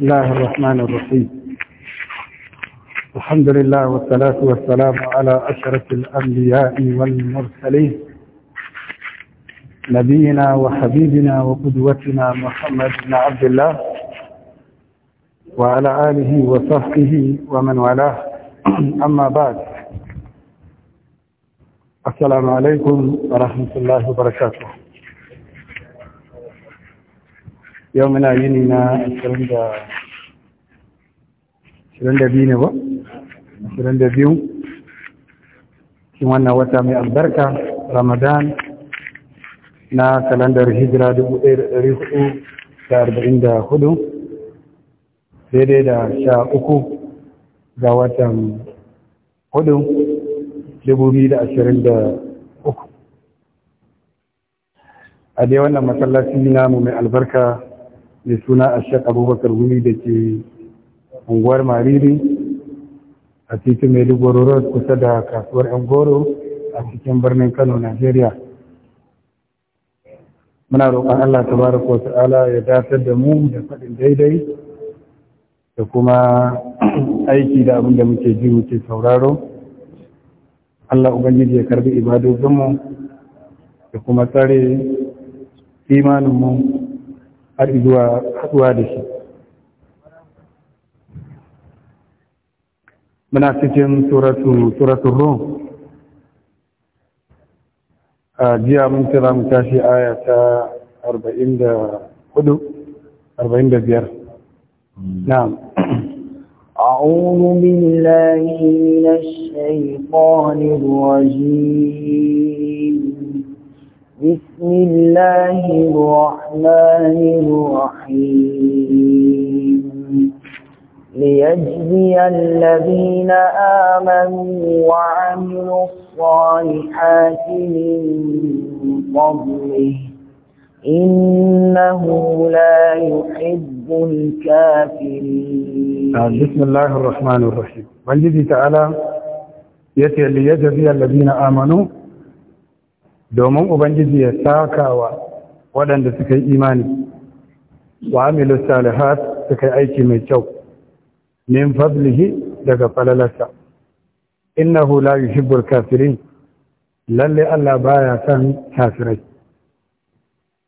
بسم الله الرحمن الرحيم الحمد لله والصلاة والسلام على أشرف الأنبياء والمرسلين نبينا وحبيبنا وقدوتنا محمد بن عبد الله وعلى آله وصحبه ومن والاه أما بعد السلام عليكم ورحمة الله وبركاته يومنا ينينا الكلام ده 22 ne ba 22 cikin wannan wata mai albarka ramadan na kalandar hijira 1444 daidai da sha uku ga watan hudu 2023 a dai wannan masallaci namu mai albarka mai suna a shek abubakar wuni da ke unguwar mariri a titin maiduguri road kusa da kasuwar yan goro a cikin birnin kano nigeria muna roƙon allah tabaraka wa ta'ala ya datar da mu da faɗin daidai da kuma aiki da abin da muke ji muke sauraro allah ubangiji ya karbi ibadozinmu da kuma tsare imaninmu har zuwa haɗuwa da shi muna cikin suratun rum a jiya mun kira mu tashi aya ta 44-45 na'am أعوذ بالله من الشيطان الرجيم بسم الله الرحمن الرحيم ليجزي الذين آمنوا وعملوا الصالحات من فضله إنه لا يحب الكافرين آه، بسم الله الرحمن الرحيم والذي تعالى يتي ليجزي الذين آمنوا دوم وبنجزي الساكا ولن تسكي إيماني وعملوا الصالحات wa amilu من شوق min fadlihi daga falalarsa innahu la yuhibbul kafirin lalle Allah baya san kafirai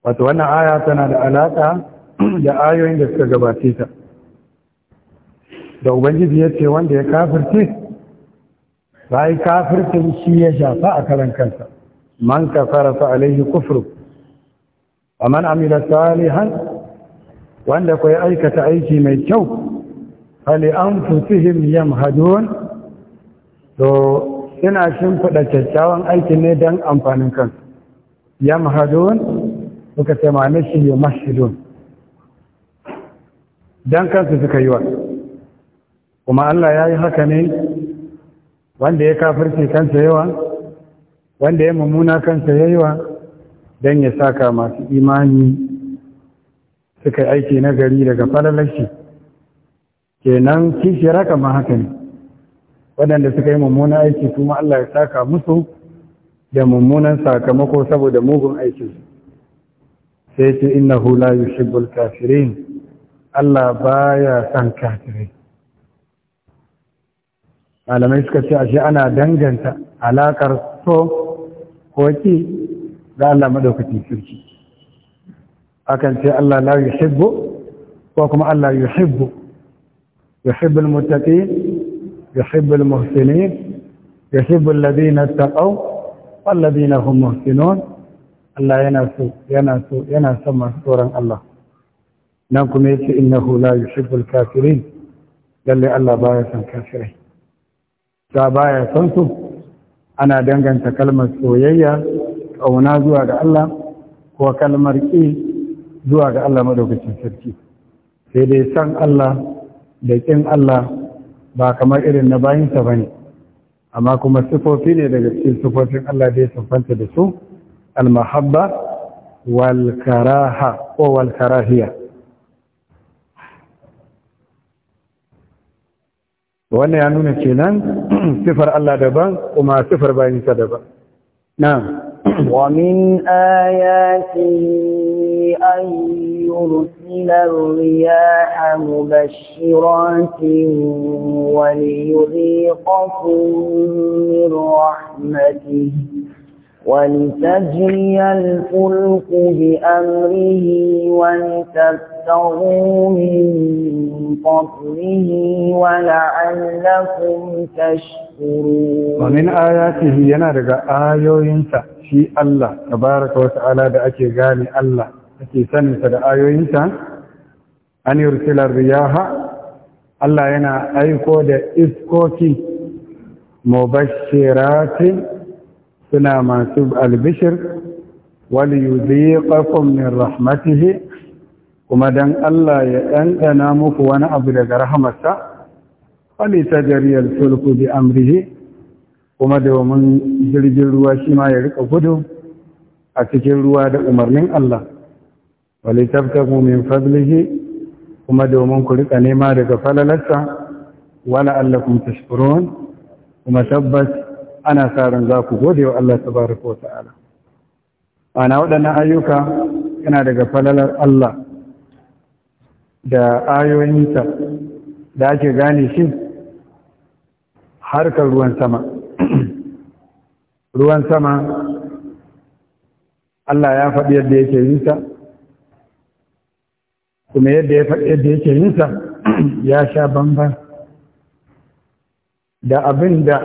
wato wannan aya tana da alaka da ayoyin da suka gabace ta da ubangiji ya ce wanda ya kafirce bai kafircin shi ya shafa a karan kansa man kafara fa alaihi kufru wa man amila salihan wanda kai aikata aiki mai kyau hali an fusihim yam hadon to ina fada kyakkyawan aiki ne don amfanin kan, yam hadon suka ce ma shi yi mashidon don kansu suka yi wa kuma Allah ya yi haka ne wanda ya kafirce kansa yawa wanda ya mummuna kansa yawa don ya saka masu imani suka aiki gari daga falalashi shi kenan kishiyar kama haka ne waɗanda suka yi mummunan aiki su ma Allah ya saka musu da mummunan sakamako saboda mugun aikinsu sai ce hula yi yuhibbul kafirin Allah baya san kafirai malamai suka ce ashe ana danganta alakar so ko ki da Allah maɗaukacin shirki akan ce Allah la shibbo ko kuma Allah yi shibbo. يحب المتقين يحب المحسنين يحب الذين اتقوا والذين هم محسنون الله ينسو ينسو ينسو مسطورا الله نكم يتي إنه لا يحب الكافرين قال لي الله باية كافرين باية سنسو أنا دنجن تكلمة سوية أو نازوها الله وكلمة رئيس zuwa ga Allah madaukakin sarki sai dai san Allah da ƙin Allah ba kamar irin na bayinsa ba ne amma kuma sifofi ne daga cikin sifofin Allah da ya fanta da su almahabba walkaraha ko walkarahiya wannan ya nuna kenan sifar Allah daban kuma sifar bayinsa daban na'am ومن آياته أن يرسل الرياح مبشرات وليذيقكم من رحمته ولتجري الفلك بأمره ولتبتغوا من فضله ولعلكم تشكرون ومن آياته آيو ينسى shi Allah tabaraka wa ala da ake gane Allah ake saninsa da ayoyinsa an yursila riyaha Allah yana aiko da iskoki mubashirati suna masu albishir wal yudhiqakum min rahmatihi kuma dan Allah ya ɗanɗana muku wani abu daga rahamarsa wali tajriyal sulku bi amrihi kuma domin jirgin ruwa shi ma ya rika gudu a cikin ruwa da umarnin Allah wale tabtaku min fadlihi kuma domin ku rika nema daga falalarsa wala allakum tashkurun kuma tabbas ana sa ran za ku gode wa Allah tabaraka wa ta'ala ana waɗannan ayyuka yana daga falalar Allah da ayoyinsa da ake gane shi harkar ruwan sama ruwan sama Allah ya faɗi yadda yake yinsa kuma yadda ya faɗi yadda yake yinsa ya sha bamban da abin da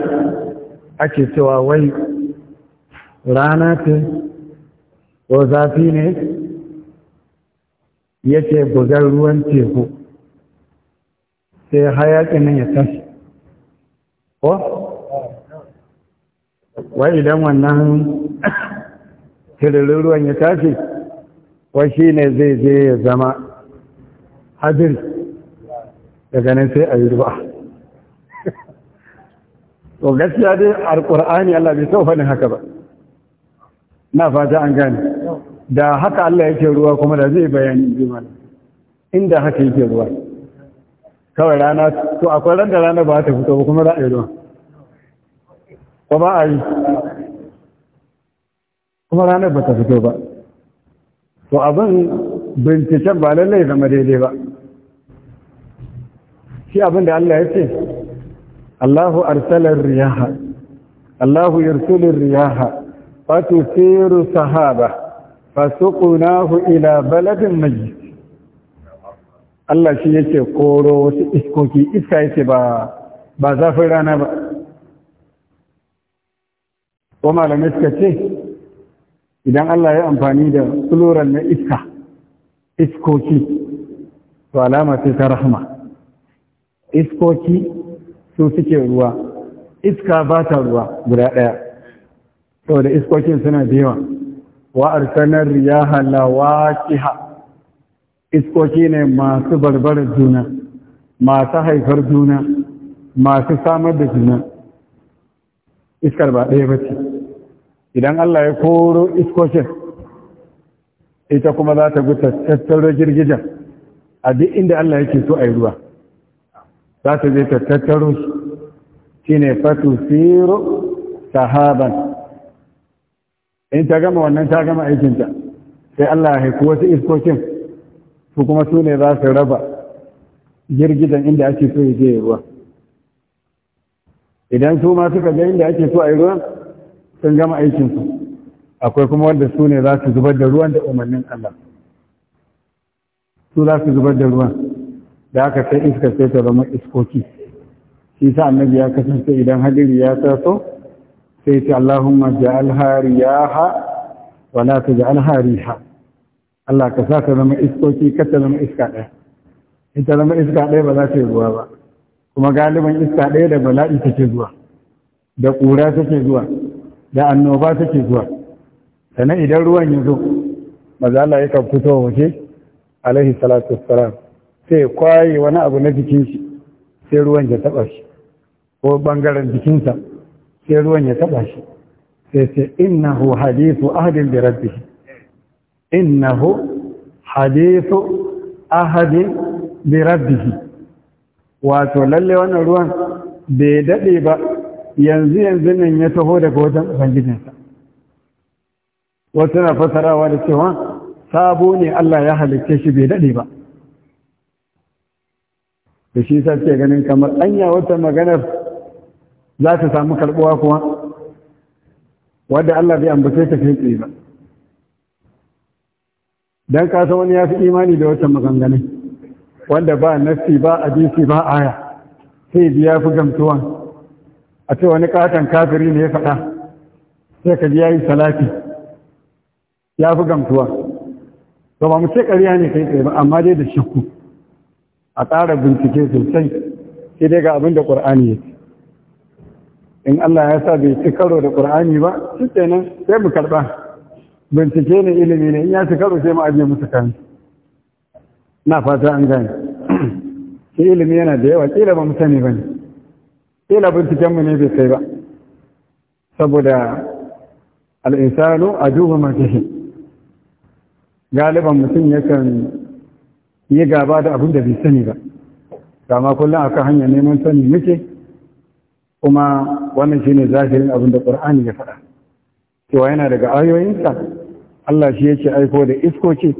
ake cewa wai rana ce ko zafi ne yake bugar ruwan teku sai hayaƙi nan ya tashi ko wai idan wannan tiririn ruwan ya tafi wai shi ne zai je ya zama hadir daga nan sai a yi ruwa to gaskiya dai alkur'ani Allah bai sau faɗin haka ba na fata an gani. da haka Allah yake ruwa kuma da zai bayani jimala inda haka yake ruwa kawai rana to akwai ran da rana ba ta fito kuma za a yi ruwa ba ba a yi kuma ranar ba ta fito ba to abin binciken ba lallai zama daidai ba shi abin da Allah ya ce Allahu arsalar riyaha Allahu yarsulur riyaha fatusiru sahaba fasuqunahu ila baladin mai. Allah shi yake koro wasu iskoki iska yake ba ba zafin rana ba ko malamai suka ce idan Allah ya amfani da plural na iska iskoki to alama sai ta rahama iskoki su suke ruwa iska ba ta ruwa guda ɗaya da iskokin suna da yawa wa arsanar riyaha iskoki ne masu barbarar juna masu haifar juna masu samar da juna iskar ba ɗaya ba ce idan Allah ya koro iskoshin ita kuma za ta guta tattaro girgijen a duk inda Allah yake so a yi ruwa za ta je tattaro shi shi ne fatu siro sahaban in ta gama wannan ta gama aikinta sai Allah ya haiku wasu iskoshin su kuma su ne za su raba girgijen inda ake so ya je ruwa idan su ma suka ga inda ake so a yi ruwan sun gama aikinsu akwai kuma wanda su ne za su zubar da ruwan da umarnin Allah su za su zubar da ruwan da aka sai iska sai ta zama iskoki shi sa annabi ya kasance idan hadiri ya taso sai ce Allahumma ja'al hariyaha wa la taj'al hariha Allah ka sa ta zama iskoki ka ta zama iska ɗaya In ta zama iska ɗaya ba za ta yi ruwa ba kuma galiban iska ɗaya da bala'i take zuwa da ƙura take zuwa da annoba take zuwa sannan idan ruwan ya zo maza Allah yakan fito waje alaihi salatu wassalam sai kwaye wani abu na jikin shi sai ruwan ya taba shi ko bangaren jikinsa sai ruwan ya taba shi sai sai innahu hadithu ahadin bi rabbih innahu hadithu ahadin bi rabbih wato lalle wannan ruwan bai dade ba yanzu yanzu nan ya taho daga wajen ubangijinsa wasu na fasarawa da cewa sabo ne Allah ya halicce shi bai daɗe ba da shi sa ce ganin kamar anya wata maganar za ta samu karɓuwa kuwa wadda Allah bai ambace ta kai tsaye ba don kasa wani ya fi imani da wata maganganai wanda ba nassi ba hadisi ba aya sai biya fi gamtuwa a ce wani katon kafiri ne ya faɗa sai ka ji ya yi salafi. ya fi gamtuwa to ba mu ce ƙarya ne kai tsaye ba amma dai da shakku a ƙara bincike sosai sai dai ga abin da ƙur'ani ya ce in Allah ya sa bai ci karo da ƙur'ani ba shi kenan sai mu karɓa bincike ne ilimi ne in ya ci karo sai mu ajiye musu kan na fata an gane shi ilimi yana da yawa ƙila ba mu sani ba ne ila mu ne bai kai ba saboda al'insanu a duba makishi galiban mutum yakan yi gaba da abin da bai sani ba kama kullum aka hanya neman sani muke kuma wannan shine zahirin abin da ƙur'ani ya faɗa cewa yana daga ayoyinsa Allah shi yake aiko da iskoci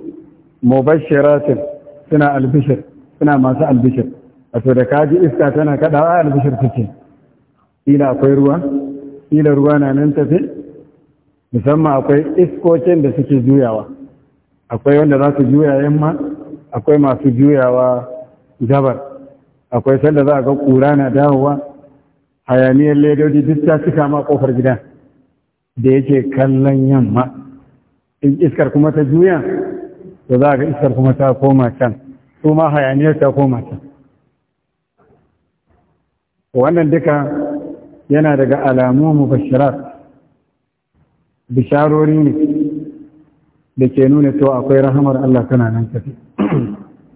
mubashiratin suna albishir suna masu albishir A to da kaji iska tana kaɗawa albishir take kila akwai ruwa kila ruwa na nan tafi musamman akwai iskocin da suke juyawa akwai wanda za su juya yamma akwai masu juyawa gabar akwai sanda za a ga kura na dawowa hayaniyar ledoji duk ta cika ma ƙofar gida da yake kallon yamma in iskar kuma ta juya to za a ga iskar kuma ta koma can su ma hayaniyar ta koma can wannan duka yana daga alamu bashirar bisharori ne da ke nuna cewa akwai rahamar Allah tana nan tafi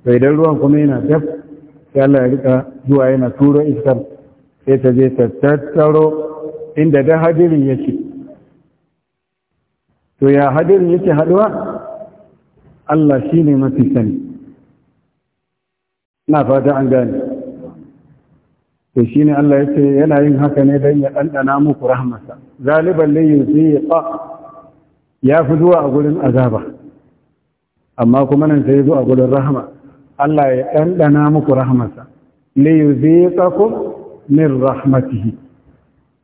to idan ruwan kuma yana daf sai Allah ya rika zuwa yana turo iskar sai ta je ta tattaro inda da hadirin yake to ya hadirin yake haduwa Allah shine mafi sani na fata an gane to shi ne Allah ya ce yana yin haka ne don ya ɗanɗana muku rahmasa zaliban layin su yi ya fi zuwa a gurin azaba amma kuma nan sai zuwa a gurin rahama Allah ya ɗanɗana muku rahmasa layin su yi min rahmatihi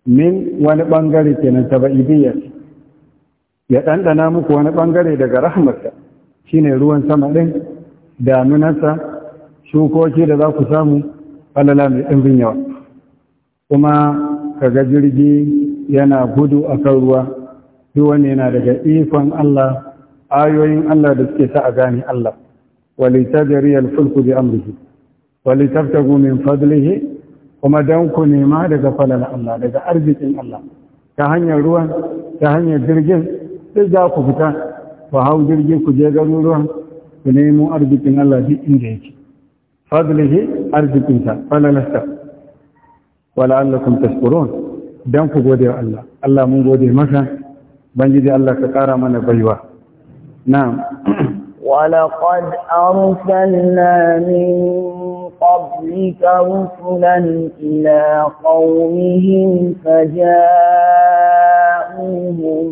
min wani ɓangare nan ta ibiyar ya ɗanɗana muku wani ɓangare daga shi shine ruwan sama ɗin daminarsa shukoki da za ku samu falala mai ɗimbin yawa kuma kaga jirgi yana gudu a kan ruwa duk wani yana daga ikon Allah ayoyin Allah da suke sa a gani Allah ta al-fulku bi amrihi walitabtagu min fadlihi kuma dan ku nema daga falala Allah daga arzikin Allah ta hanyar ruwan ta hanyar jirgin sai za ku fita ku hau jirgin ku je garuruwan ku nemo arzikin Allah duk inda yake fadlihi arzikinsa falalasta wala'allakum tashkurun dan ku gode wa Allah Allah mun gode maka banjiji Allah ka kara mana baiwa na'am ولقد أرسلنا من قبلك رسلا إلى قومهم فجاءوهم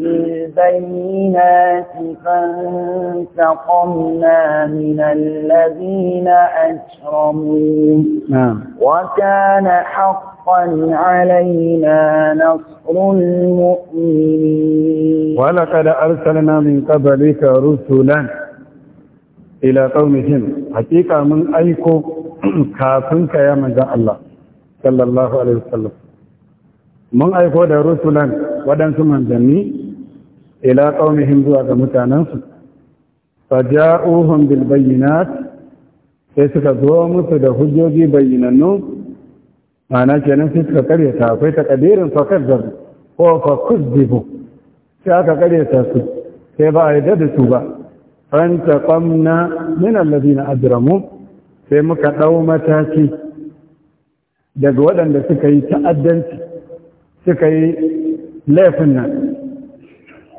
بالبشرى البينات فانتقمنا من الذين أشرموا وكان حقا علينا نصر المؤمنين ولقد أرسلنا من قبلك رسولا إلى قومهم حقيقة من أيكو كافنك يا من الله صلى الله عليه وسلم من أيكو دا رسولا ودن سمان manzanni ila qaumihim zuwa ga fa ja'uhum bil bayyinat sai suka zo musu da hujjoji bayyinannu ma'ana kenan sai suka ta akwai kadirin fakar da ko fa kuzzibu sai aka ta su sai ba a yi da su ba ta qamna min alladhina ajramu sai muka ɗau mataki daga waɗanda suka yi ta'addanci suka yi laifin nan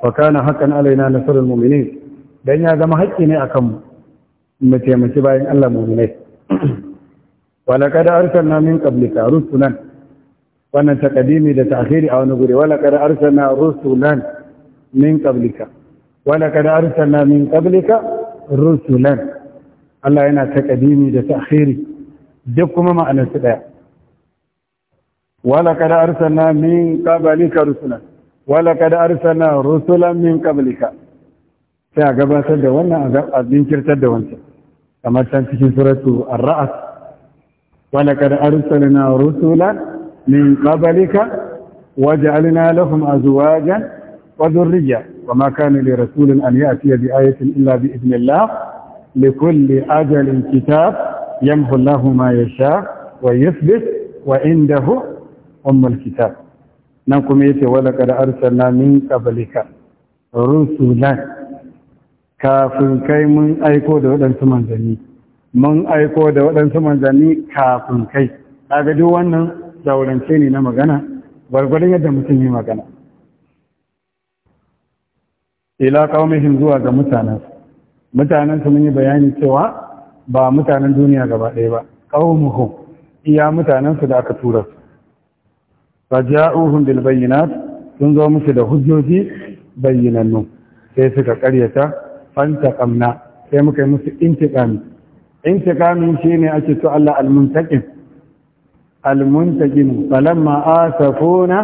wa kana haqqan alaina nasarar mu'minin dan ya zama haƙƙi ne akan mu mu taimaki bayan Allah mu'minai wa laqad arsalna min qablika rusulan wannan taqdimi da ta'khiri a wani guri wa laqad arsalna rusulan min qablika wa laqad arsalna min qablika rusulan Allah yana taqdimi da ta'khiri duk kuma ma'anar su daya wa laqad arsalna min qablika rusulan wala kada arsana rusulan min qablika sai a gabatar da wannan a jinkirtar da wancan kamar can cikin suratu ar-ra'd wala kada arsalna rusulan min qablika waj'alna lahum azwajan wa dhurriyya wama kana li rasulin an ya'tiya bi ayatin illa bi idnillah likulli ajalin kitab yamhu Allahu ma yasha wa yuthbit wa indahu ummul kitab nan kuma yace wala kad arsalna min qablika rusulan kafin kai mun aiko da waɗansu manzanni mun aiko da waɗansu manzanni kafin kai kaga duk wannan zaurance ne na magana gwargwadon yadda mutum yi magana ila qaumihim zuwa ga mutanen mutanen su mun yi bayani cewa ba mutanen duniya gaba ɗaya ba qaumuhum iya mutanen su da aka tura su faja'uhum bil bayyinat sun zo musu da hujjoji bayyinannu sai suka karyata fantaqamna sai muka yi musu intiqam intiqam shine ake to Allah al-muntaqim al-muntaqim falamma asafuna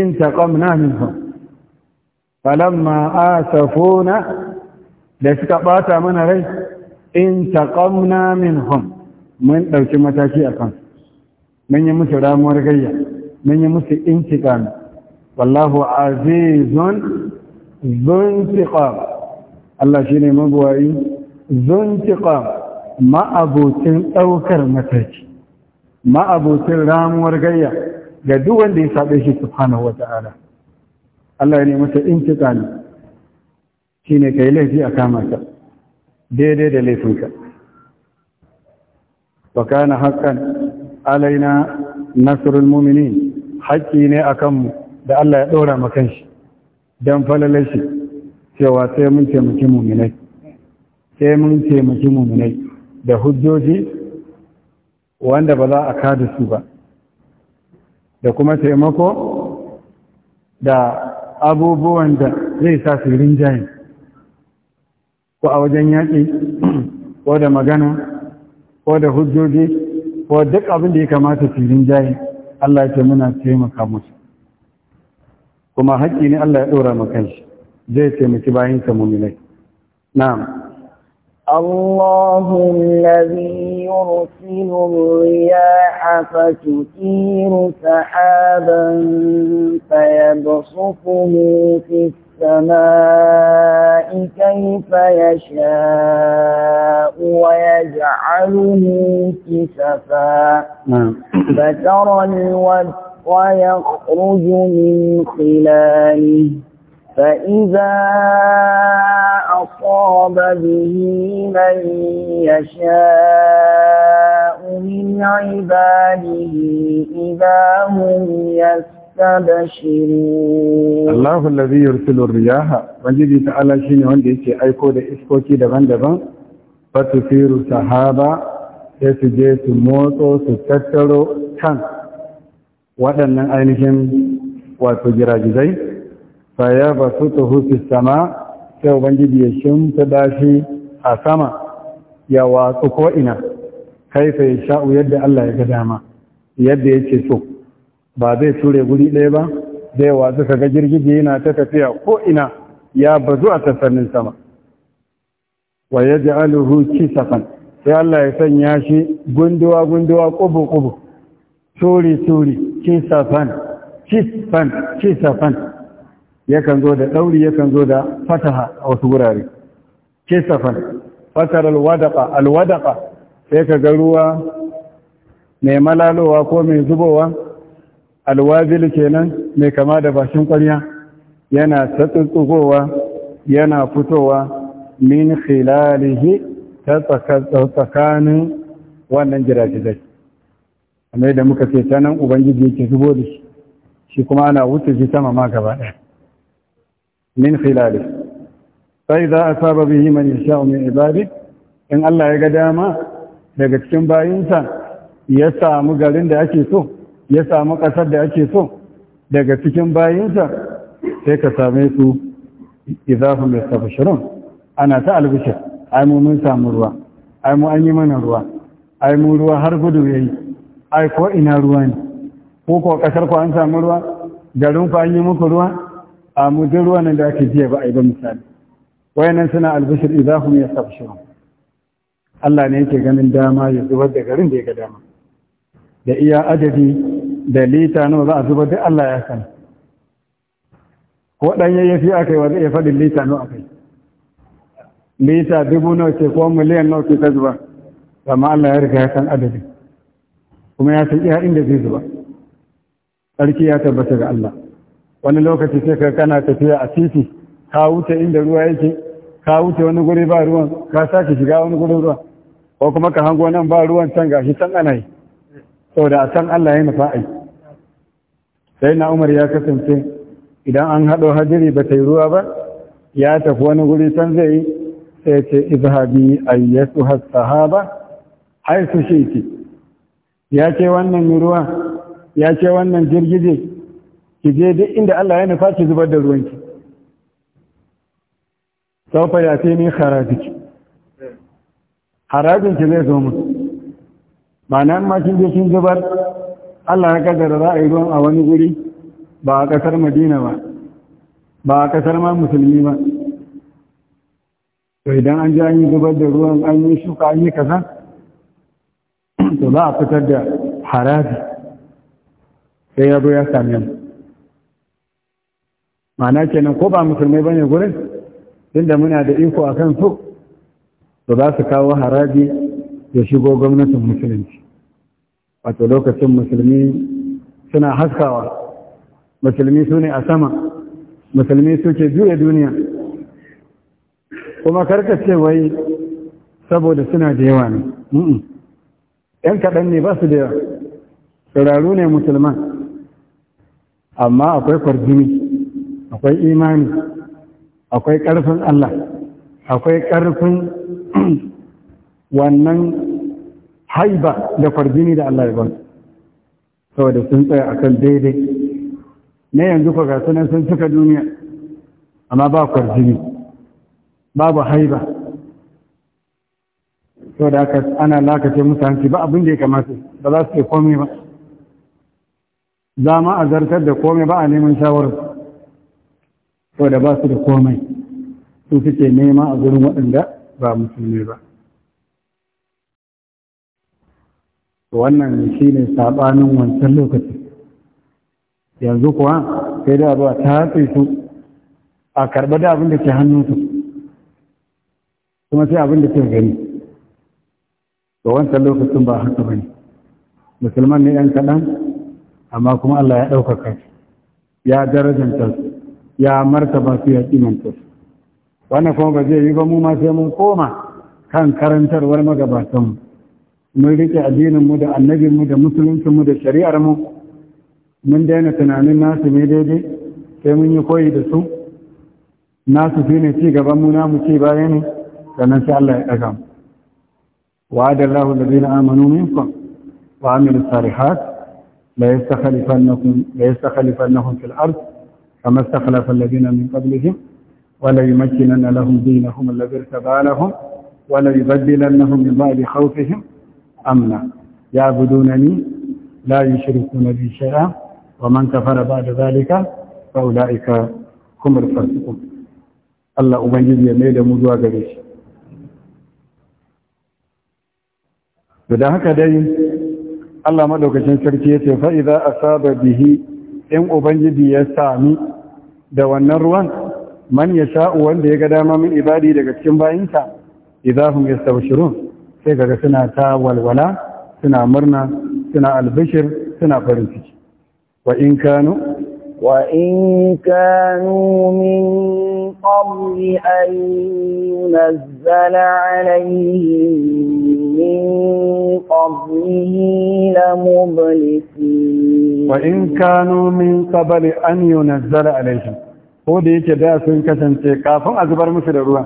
intaqamna minhum falamma asafuna da suka bata mana rai intaqamna minhum mun dauki mataki akan mun yi musu ramuwar gayya mun yi musu intiqam wallahu azizun zuntiqam Allah shine magwayi zuntiqam ma'abocin ɗaukar mataki ma'abocin ramuwar gayya ga duk wanda ya sabe shi subhanahu wata'ala Allah ya nemi ta intiqam shine kai laifi a kama ka daidai da laifinka wa kana haqqan alaina nasrul mu'minin haƙƙi ne a kanmu da Allah ya ɗora makan shi don falalar shi cewa sai mun taimaki muminai sai mun taimaki muminai da hujjoji wanda ba za a kada su ba da kuma taimako da abubuwan da zai sa su rinjaye ko a wajen yaƙi ko da magana ko da hujjoji ko duk abin da ya kamata su rinjaye Allah yake muna taimaka musu kuma haƙƙi ne Allah ya ɗora maka shi zai taimaki bayan ka mu'minai na'am الله الذي يرسل الرياح فتثير سحابا فيبصقه في السماء كيف يشاء ويجعله كسفا نعم فترى الودق يخرج من خلاله فإذا أصاب به من يشاء من عباده إذا هم يستبشرون الله الذي يرسل الرياح وجدي تعالى شيني وندي أيكو دا إسكوكي دبان دبان فتثير سحابا sai su je su motso su tattaro can waɗannan ainihin wato giragizai faya ba su ta hutu sama sai ubangiji ya shimfi shi a sama ya watsu ko'ina sai ya sha'u yadda Allah ya ga dama yadda ya ce so ba zai ture guri ɗaya ba zai watsu ga girgiji yana ta tafiya ko'ina ya bazu a sassanin sama wa ya ji aluhu kisafan sai Allah ya sanya shi gunduwa gunduwa kubu kubu turi turi kisafan kisfan kisafan yakan zo da dauri yakan zo da fataha a wasu wurare safan, fatar alwadaqa alwadaƙa. sai ka ga ruwa mai malalowa ko mai zubowa alwazil kenan mai kama da bashin ƙwarya yana ta tsutsugowa yana fitowa min khilalihi ta tsakanin wannan jirage amma yadda muka ce ta nan ubangiji yake zubo da shi shi kuma ana wuce shi sama ma gaba ɗaya min sai za a saba bihi man yasha min ibadi in Allah ya ga dama daga cikin bayinsa ya samu garin da ake so ya samu ƙasar da ake so daga cikin bayinsa sai ka same su idza hum ana ta albishir ai mu mun samu ruwa ai mu an yi mana ruwa ai mu ruwa har gudu yayi ai ko ina ruwa ne ko ko kasar ku an samu ruwa garin ku an yi muku ruwa a mu duk ruwa nan da ake jiya ba ai ba misali wayannan suna albishir idahum yastabshirun Allah ne yake ganin dama ya zubar da garin da ya ga dama da iya adadi da lita nawa za a zubar da Allah ya sani ko dan yayyafi akai wa zai faɗin lita nawa akai lita dubu nawa ce ko miliyan nawa ke ta zuba amma Allah ya riga ya san adadin kuma ya san iya inda zai zuba sarki ya tabbata ga Allah wani lokaci sai ka kana tafiya a titi ka wuce inda ruwa yake ka wuce wani guri ba ruwan ka sake shiga wani gurin ruwa ko kuma ka hango nan ba ruwan can gashi can ana yi saboda a san Allah ya nufa ai sai na Umar ya kasance idan an haɗo hajiri ba ta yi ruwa ba ya tafi wani guri can zai yi sai ce izhabi ayyatu hasahaba ai su sheki ya ce wannan ruwa ya ce wannan girgije ki je duk inda Allah ya nufa ki zubar da ruwanki sofa ya ce ni harabiki ki zai zo mu ma'ana ma kin je kin zubar Allah ya kaddara za a yi ruwan a wani guri ba a kasar Madina ba ba a kasar ma musulmi ba to idan an ji an yi zubar da ruwan an yi shuka an yi kaza to za a fitar da haraji sai ya zo ya same mu ma'ana kenan ko ba musulmai bane gurin tunda muna da iko akan kan su to za su kawo haraji ya shigo gwamnatin musulunci wato lokacin musulmi suna haskawa musulmi su ne a sama musulmi suke juya duniya kuma karka ce wai saboda suna da yawa ne ‘yan kaɗan ne ba su da yawa tsiraru ne musulman amma akwai kwarjini akwai imani akwai ƙarfin Allah akwai ƙarfin wannan haiba da kwarjini da Allah ya ba saboda sun tsaya a kan daidai na yanzu kwa ga sunan sun suka duniya amma ba kwarjini babu haiba to da aka ana lakace musu hanci ba abin da ya kamata ba za su ke komai ba za ma a zartar da komai ba a neman shawar to da ba su da komai su suke nema a gurin waɗanda ba musulmi ba wannan shi ne saɓanin wancan lokaci yanzu kuwa sai da ba ta hatsi su a karɓar da abin da ke su kuma sai abin da ke gani ga wancan lokacin ba haka bane musulman ne yan kaɗan amma kuma Allah ya ɗaukaka ya darajanta su ya martaba su ya kimanta su wannan kuma ba zai yi ba mu ma sai mun koma kan karantarwar magabatan mun rike addinin mu da annabin mu da musuluncin mu da shari'ar mu mun daina tunanin nasu ne daidai sai mun yi koyi da su nasu shine ci gaban mu namu ci baya ne sannan sai Allah ya ɗaga mu wa'ada Allahu alladhina amanu minkum wa amilus salihat la yastakhlifannahum la yastakhlifannahum fil ard kama istakhlafa alladhina min qablihim wa la yumakkinanna lahum dinahum alladhi irtada lahum wa la yubaddilannahum min ba'di khawfihim amna ya gudu na ya'budunani la yushrikuna bi shay'a wa man kafara da dhalika fa ulaika humul fasiqun Allah ubangiji ya mai da mu zuwa gare shi to da haka dai Allah madaukakin sarki ya ce fa'iza a saba bihi in Ubangiji ya sami da wannan ruwan man ya sha'u wanda ya ga dama min ibadi daga cikin bayinsa hum yastabshirun sai kaga suna ta walwala suna murna suna albishir suna farin ciki wa in kanu وإن كانوا من قبل أن ينزل عليهم من قبله لمبلسين وإن كانوا من قبل أن ينزل عليهم ko da yake sun kasance kafin a zubar musu da ruwan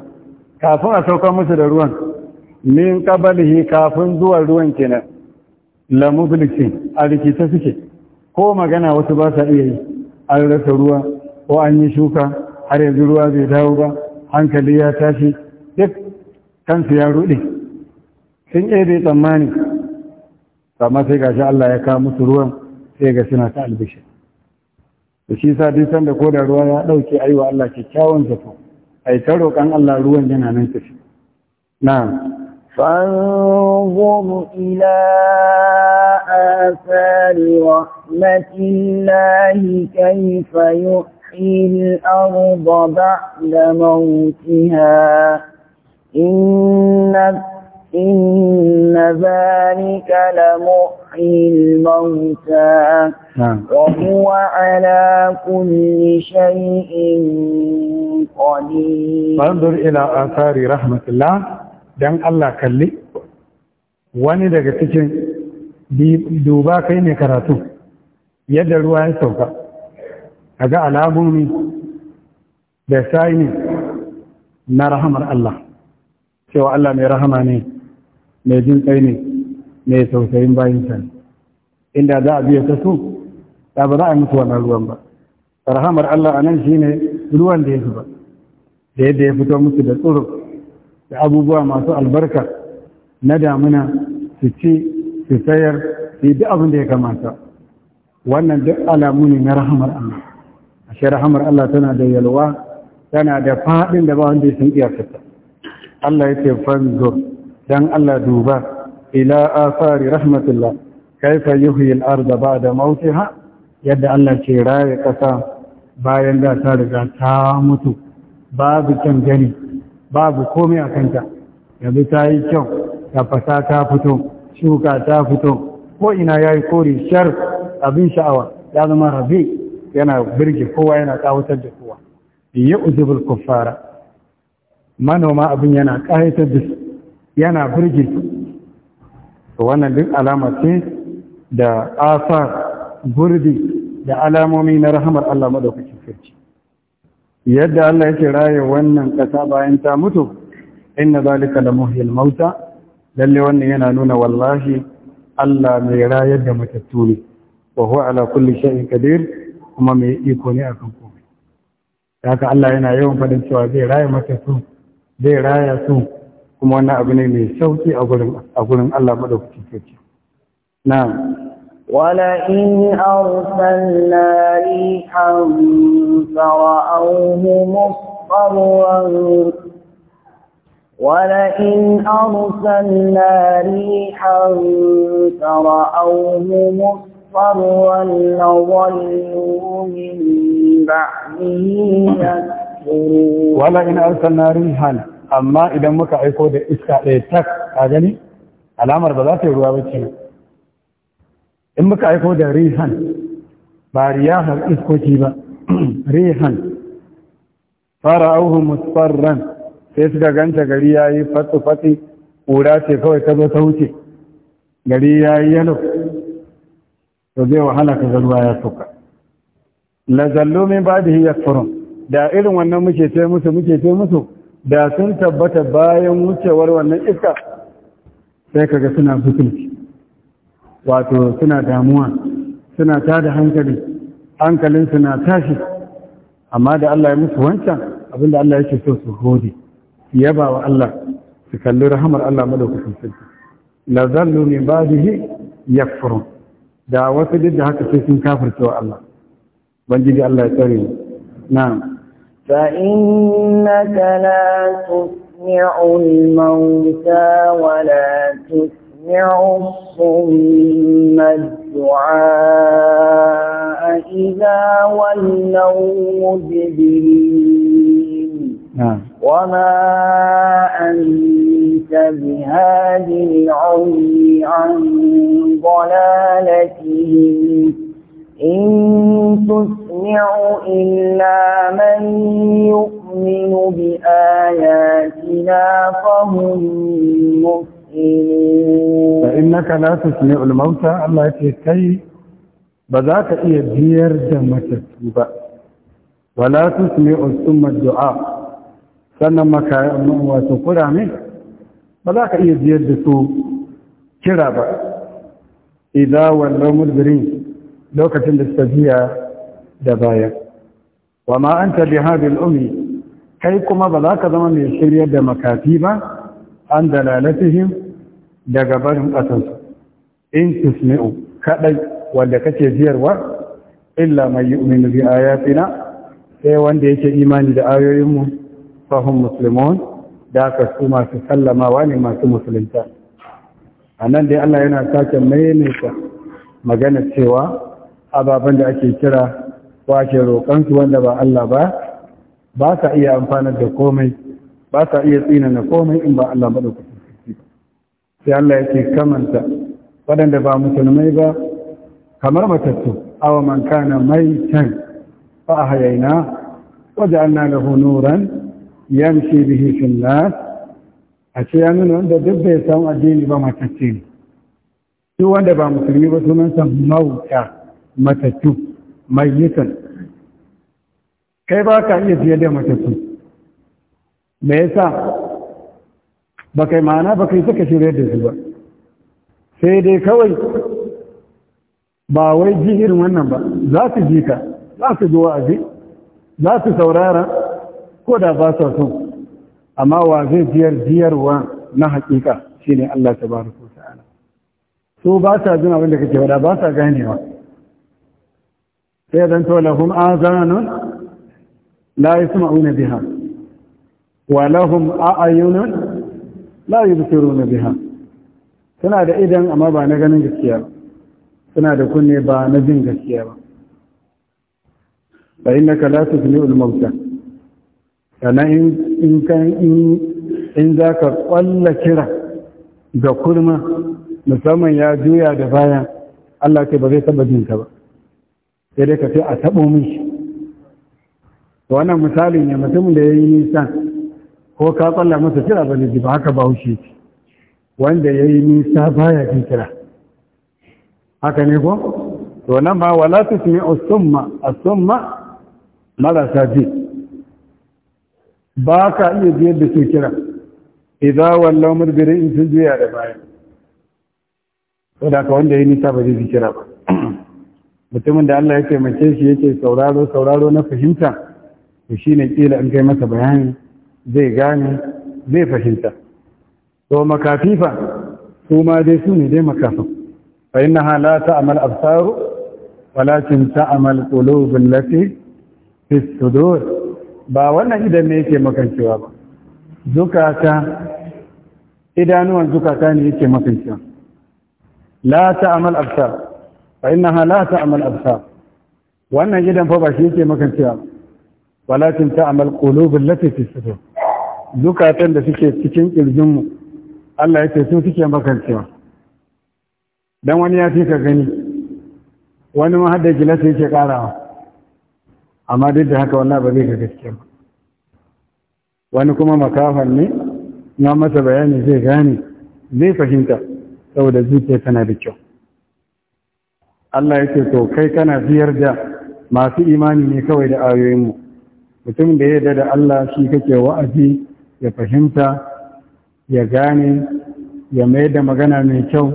kafin a saukar musu da ruwan min kabalihi kafin zuwa ruwan kenan la mublisin a rikice suke ko magana wasu ba sa iya yi an rasa ruwa ko an yi shuka har yanzu ruwa zai dawo ba hankali ya tashi duk kansu ya rude sun bai tsammani amma sai gashi Allah ya kawo musu ruwan sai ga suna ta albishir da shi sa duk sanda ko da ruwa ya ɗauke aiwa Allah kyakkyawan zafo ai ta roƙan Allah ruwan yana nan tafi na'am فانظر إلى آثار رحمة الله كيف يحيي الأرض بعد موتها إن إن ذلك لمحيي الموتى نعم. وهو على كل شيء قدير فانظر إلى آثار رحمة الله don Allah kalli wani daga cikin duba kai ne karatu yadda ruwa ya sauka a ga alamomi da saini na rahamar Allah cewa Allah mai rahama ne mai jin kai ne mai tausayin bayinsa inda za a biya ta su ta ba za a mutu wannan ruwan ba rahamar Allah anan nan shine ruwan da ya zuba da yadda ya fito musu da tsoro da abubuwa masu albarka na damuna su ci su sayar su yi duk abin da ya kamata wannan duk alamu ne na rahamar Allah ashe rahamar Allah tana da yalwa tana da faɗin da ba wanda ya iya fita Allah ya ce fanzur dan Allah duba ila asari rahmatullah kaifa yuhyi al da ba'da ha yadda Allah ke raye kasa bayan da ta riga ta mutu babu kyan gani babu komai a kanta yanzu ta yi kyau tafasa ta fito shuka ta fito ko ina ya yi kori shar abin sha'awa ya zama rabi yana birge kowa yana tsawatar da kowa ya uzubul kuffara manoma abin yana kayatar da su yana birge su to wannan duk alama ce da asar gurbi da alamomi na rahamar Allah madaukakin sarki yadda Allah yake raye wannan ƙasa bayan ta mutu inna zalika la muhyil mauta lalle wannan yana nuna wallahi Allah mai rayar da matattu ne wa huwa ala kulli shay'in qadir kuma mai iko ne akan komai haka Allah yana yawan faɗin cewa zai raye matattu zai raya su kuma wannan abu ne mai sauki a gurin Allah madaukakin sarki na'am Wala in ausan lalikan mutuwa, auma mu farwa na wannan bacci na tsaro. Wala ina arkan narin amma idan muka aiko da iska, ɗaya a gani, alamar ba za ta yi ruwa ba ce. in muka aiko da rihan ba riyahar iskoki ba rihan fara'auhu musfarran sai suka ganta gari ya yi fatsi ƙura ce kawai ta zo ta wuce gari ya yi yalo to zai wahala ka ruwa ya soka la zallo min ba da hiyar da irin wannan muke ce musu muke ce musu da sun tabbata bayan wucewar wannan iska sai kaga suna butulci wato suna damuwa suna tada hankali hankalinsu na tashi amma da Allah ya musu wancan abinda Allah yake so su gode yaba wa Allah su kalli rahamar Allah madaukakin sarki la zallu min ba'dihi yakfurun da wasu duk da haka sai sun kafirce wa Allah banjiji Allah ya tsare mu na'am fa innaka la tusmi'u al-mauta wa la tusmi'u يسمع الصم الدعاء إذا ولوا مدبرين نعم. وما أنت بهاد العمي عن ضلالتهم إن تسمع إلا من يؤمن بآياتنا فهم مسلمون فإنك لا تسمع الموتى الله يتكي بذاك إيه دير دمتك ولا تسمع السم الدعاء سنما وتقول عنه بذاك إيه بير دسو كرابا إذا ولوا مدبرين لو كتن دبايا وما أنت بهذه الأمي كيكما بذاك ضمن الشرية ka عن دلالتهم daga barin ƙasansu in tusmi'u kaɗai wanda kake ziyarwa illa mai yi umini bi ayatina sai wanda yake imani da ayoyinmu fahim musulman da aka su masu sallamawa ne masu musulunta a nan dai Allah yana sake maimaita magana cewa ababen da ake kira wace roƙansu wanda ba Allah ba ba sa iya amfanar da komai ba sa iya tsina na komai in ba Allah maɗaukaki sai Allah yake kamanta waɗanda ba musulmai ba kamar matattu awa man kana can fa an nana lahu nuran yamshi bihi fil a ce ya nuna wanda duk bai samu addini ba matattu ne wanda ba musulmi ba sunan san mauta matattu mai mayyitan kai ba ka iya fiye da matattu me yasa ba kai ma'ana ba kai suka shirya da su ba sai dai kawai ba wai ji irin wannan ba za su ji ka za su ji wa'azi za su saurara ko da ba sa so. amma wa zai jiyar jiyarwa na hakika shine Allah tabaraka wa ta'ala so ba sa jin abin da kake faɗa ba sa ganewa sai dan to lahum azanun la yasma'una biha wa lahum a'yunun la na biha suna da idan amma ba na ganin gaskiya ba suna da kunne ba na jin gaskiya ba fa innaka su tusmi'ul ulmauta. kana in kan in za ka kwalla kira ga kurma musamman ya juya da baya Allah ke ba zai taba jin ba sai dai ka sai a tabo mishi wannan misalin ne mutum da ya yi nisa ko ka tsalla masa kira ba ne ba haka ba haushe ce wanda ya yi nisa baya jin kira haka ne ko to nan ma wala su su asumma asumma marasa ji ba ka iya biyar da su kira idan wallon murbirin in sun juya da baya ko da ka wanda ya yi nisa ba zai kira ba mutumin da Allah ya taimake shi yake sauraro sauraro na fahimta to shine kila in kai masa bayani zai gane zai fahimta to makafifa su ma dai su ne dai makafin fa innaha la ta'mal absaru walakin ta'mal qulubul lati fi sudur ba wannan idan ne yake makancewa ba zukata idanuwan zukata ne yake makancewa la mal, absar fa innaha la mal, absar wannan idan fa ba shi yake makancewa walakin ta'mal qulubul lati fi sudur zukatan da suke cikin ƙirjinmu Allah ya ce sun suke makarciwa don wani ya fi ka gani wani ma hadda gilasa yake ƙarawa amma duk da haka wannan ba zai ga gaske ba wani kuma makafan ne na masa bayani zai gane zai fahimta saboda zuciya tana da kyau Allah ya ce to kai kana ziyar da masu imani ne kawai da ayoyinmu mutum da ya da Allah shi kake wa'azi ya fahimta ya gane ya mai da magana mai kyau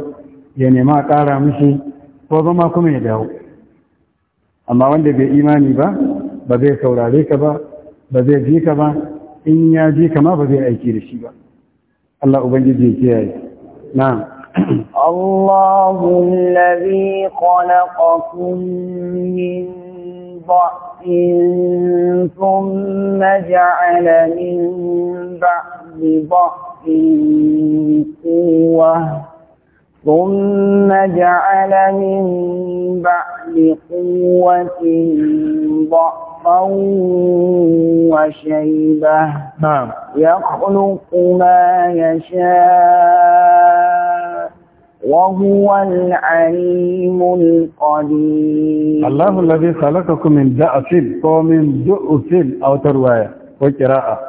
ya nema a ƙara mishi ko zama kuma ya dawo amma wanda bai imani ba ba zai saurare ka ba ba zai ji ka ba in ya ji ka ma ba zai aiki da shi ba Allah ubangiji ya kiyaye na Allahu الذي خلقكم من ضعف ثم جعل من بعد ضعف قوة ثم جعل من بعد قوة ضعفا وشيبة نعم يخلق ما يشاء وهو العليم القدير الله الذي خلقكم من دأس ومن دؤس أو ترواية وقراءة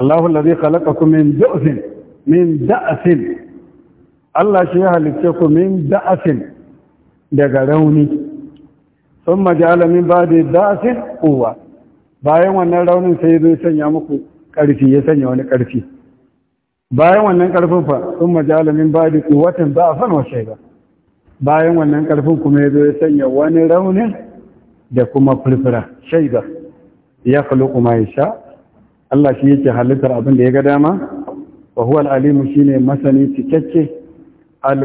الله الذي خلقكم من دؤس من دأس الله شيء هلككم من دأس دقروني ثم جعل من بعد دأس قوة bayan wannan raunin sai zai sanya muku ƙarfi ya sanya wani ƙarfi bayan wannan karfin fa sun majalamin ba da kuwatin ba a fan wa bayan wannan karfin kuma ya zo ya sanya wani raunin da kuma firfira shaida. ya kalu kuma ya sha Allah shi yake halittar abin da ya ga dama wa huwa alimu shine masani cikakke al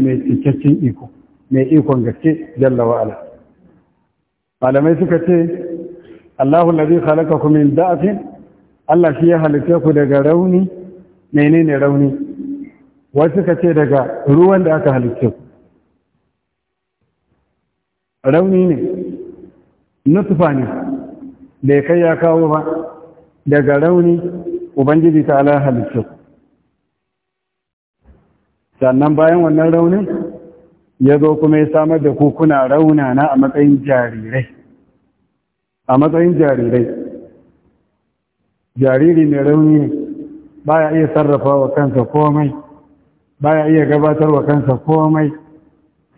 mai cikakken iko mai ikon gaske jalla wa malamai suka ce Allahu allazi khalaqakum min da'fin Allah shi ya halitta ku daga rauni menene rauni wasu ka ce daga ruwan da aka halittu rauni ne nutfa ne bai kai ya kawo ba daga rauni ubangiji ta ala halittu sannan bayan wannan raunin ya zo kuma ya samar da kukuna rauna na a matsayin jarirai a matsayin jarirai jariri mai rauni ne baya iya sarrafa wa kansa komai baya iya gabatar wa kansa komai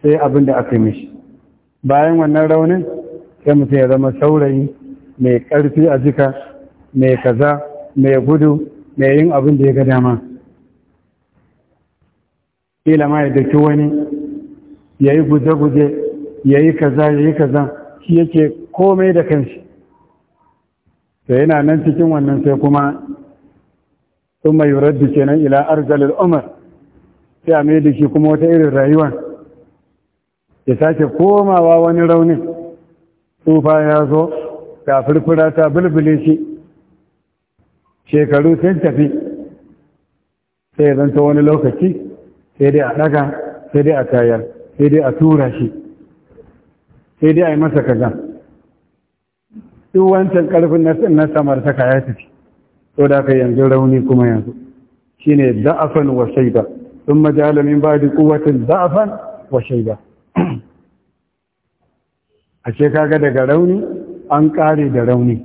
sai abin da aka mishi bayan wannan raunin sai mutum ya zama saurayi mai ƙarfi a jika mai kaza mai gudu mai yin abin da ya ga dama kila ma ya daki wani ya yi guje-guje ya yi kaza ya yi kaza shi yake komai da kanshi Sai yana nan cikin wannan sai kuma sun mai raddi kenan ila argalil umar sai a shi kuma wata irin rayuwa ya sake komawa wani raunin tsufa ya zo ga furfura ta bulbule shi shekaru sun tafi sai zanta wani lokaci sai dai a ɗaga sai dai a tayar sai dai a tura shi sai dai a yi masa kaza duk wancan ƙarfin na samartaka ya tafi to da ka yanzu rauni kuma yanzu shine da'afan wa shaida thumma ja'ala min da kuwatin da'afan wa shaida ashe kaga daga rauni an kare da rauni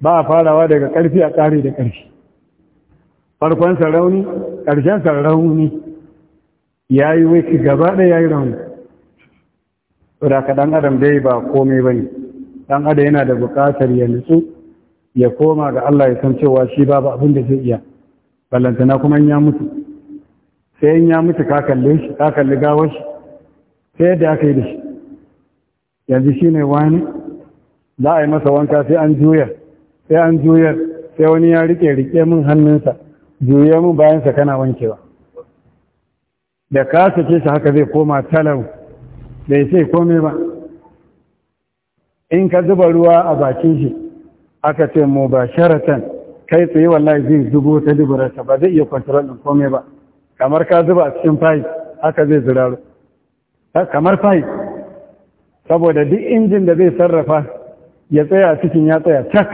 ba a farawa daga karfi a kare da karfi farkonsa rauni karshen rauni ya yi wiki gaba da yi rauni da ka ɗan adam dai ba komai ba ne ɗan adam yana da buƙatar ya nutsu ya koma ga Allah ya san cewa shi babu abin da zai iya ballantana kuma in ya mutu sai in ya mutu ka kalle shi ka kalli gawar shi sai yadda aka yi da shi yanzu shi ne wani za a yi masa wanka sai an juya sai an juya sai wani ya rike rike min hannunsa juye min bayansa kana wankewa da ka sake shi haka zai koma talau bai sai kome ba in ka zuba ruwa a bakin shi aka ce mu ba sharatan kai tsaye wallahi zai zubo ta duburarsa ba zai iya kwantarar ɗin kome ba kamar ka zuba a cikin fayil haka zai ziraro kamar fayil saboda duk injin da zai sarrafa ya tsaya cikin ya tsaya cak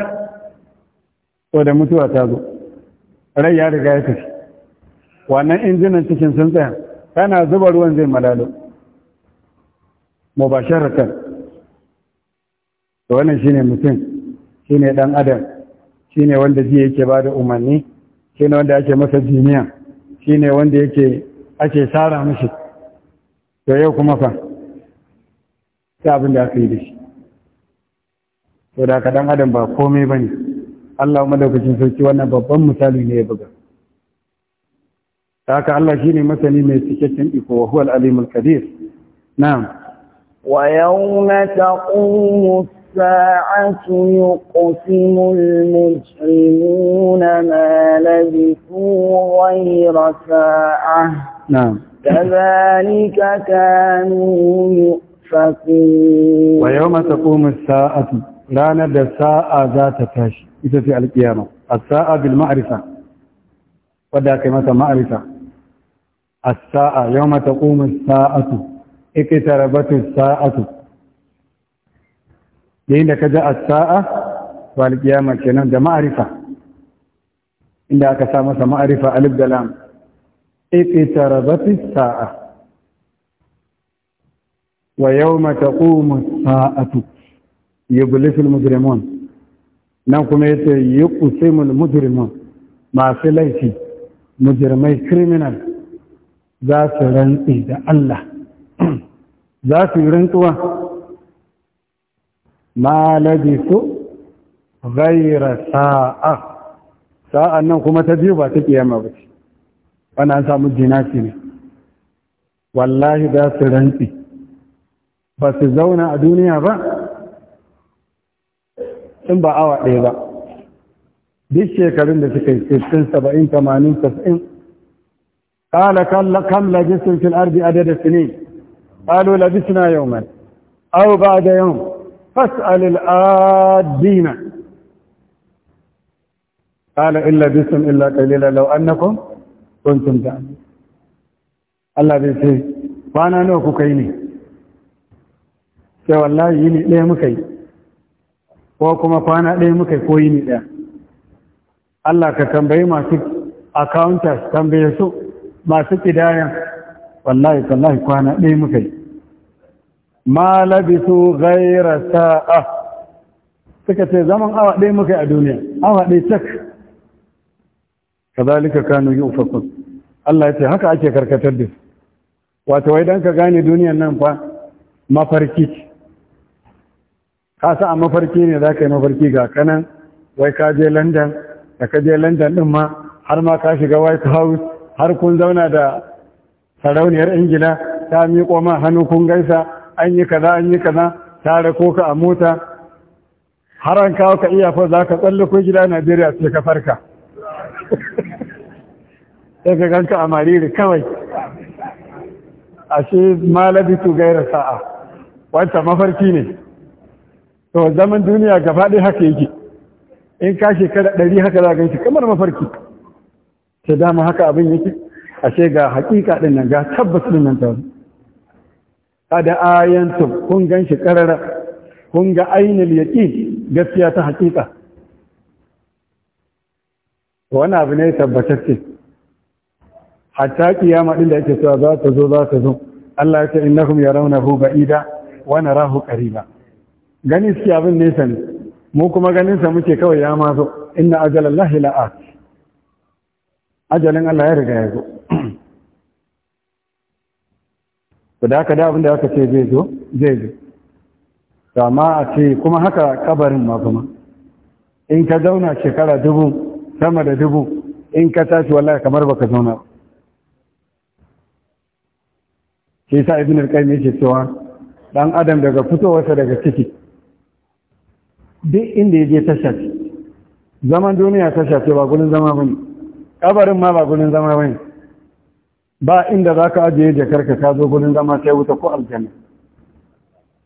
ko da mutuwa ta zo rai ya riga ya tafi wannan injinan cikin sun tsaya tana zuba ruwan zai malalo mubasharatan to wannan shine mutum shine ɗan adam shine wanda ji yake ba da umarni shine wanda ake masa jiniya shine wanda yake ake tsara mashi to yau kuma fa sai abin da aka yi da shi to da ka ɗan adam ba komai ne Allah madaukakin sarki wannan babban misali ne ya buga haka Allah shi ne masani mai cikakken iko wa huwal alimul kadir na'am wa yawma taqumu الساعة يقسم المجرمون ما لبثوا غير ساعة نعم كذلك كانوا يؤفكون ويوم تقوم الساعة لا ندى الساعة ذات تاش إذا في القيامة الساعة بالمعرفة وذاك متى معرفة الساعة يوم تقوم الساعة اكتربت الساعة yayin da ka ga a saa wa alƙiyama ke nan da ma'arifa inda aka sa masa ma'arifa alif da lam iqtarabatis sa'a wa yawma taqumu Sa'a saatu yi bulifin mujrimun nan kuma yace yi al-mujrimun masu laifi mujirmai criminal za su rantsi da Allah za su yi rantsuwa ma labisu ghayra sa'a sa'an nan kuma ta biyu ba ta kiyama ba ce ana an samu jinasi ne wallahi za su rantsi ba su zauna a duniya ba sun ba awa ɗaya ba duk shekarun da suka yi 60 70 80 90 قال كم لبثتم في الأرض عدد السنين قالوا لبثنا يوما أو بعد يوم فاسأل الآدين قال إن لبثتم إلا قليلا لو أنكم كنتم تعلمون Allah zai ce kwana nawa kuka yi ne sai wallahi yini ɗaya muka yi ko kuma kwana ɗaya muka yi ko yini ɗaya Allah ka tambayi masu accountas tambaye su masu kidayan wallahi wallahi kwana ɗaya muka yi ma labisu ghayra sa'a suka ce zaman awa ɗaya muka a duniya awa ɗaya tak kazalika kanu yufakun Allah ya ce haka ake karkatar da wato wai dan ka gane duniyan nan fa mafarki ka sa a mafarki ne za ka yi mafarki ga kanan wai ka je London da ka je London din ma har ma ka shiga White House har kun zauna da sarauniyar Ingila ta miƙo ma hannu kun gaisa an yi kaza an yi kaza tare ko ka a mota har an kawo ka iyafa za ka ko gida najeriya sai ka farka sai ka ganka a mariri kawai ashe malabitu gaira sa'a wanta mafarki ne to zaman duniya gaba ɗaya haka yake in ka shekara ɗari haka za ka yi kamar mafarki sai dama haka abin yake ashe ga hakika ɗin nan ga tabbas ɗin nan ta kada ayantum kun ganshi shi ƙarara kun ga ainihin gaskiya ta haƙiƙa wani abu ne tabbatacce hatta kiyama ɗin da yake cewa za ta zo za ta zo Allah ya ce innahum yarawnahu ba'ida wa narahu qariba gani suke abin nesa ne mu kuma ganin sa muke kawai ya ma zo inna ajalallahi la'at ajalin Allah ya riga ya zo to da haka da abin da aka ce zai zo zai zo amma a ce kuma haka kabarin ma kuma in ka zauna shekara dubu sama da dubu in ka tashi wallahi kamar baka zauna ba shi sa ibn al-qayyim yake cewa dan adam daga fitowarsa daga ciki duk inda yaje ta shafi zaman duniya ta shafi ba gurin zama bane kabarin ma ba gurin zama bane ba inda za ka ajiye jakarka ka zo gudun zama sai wuta ko aljanna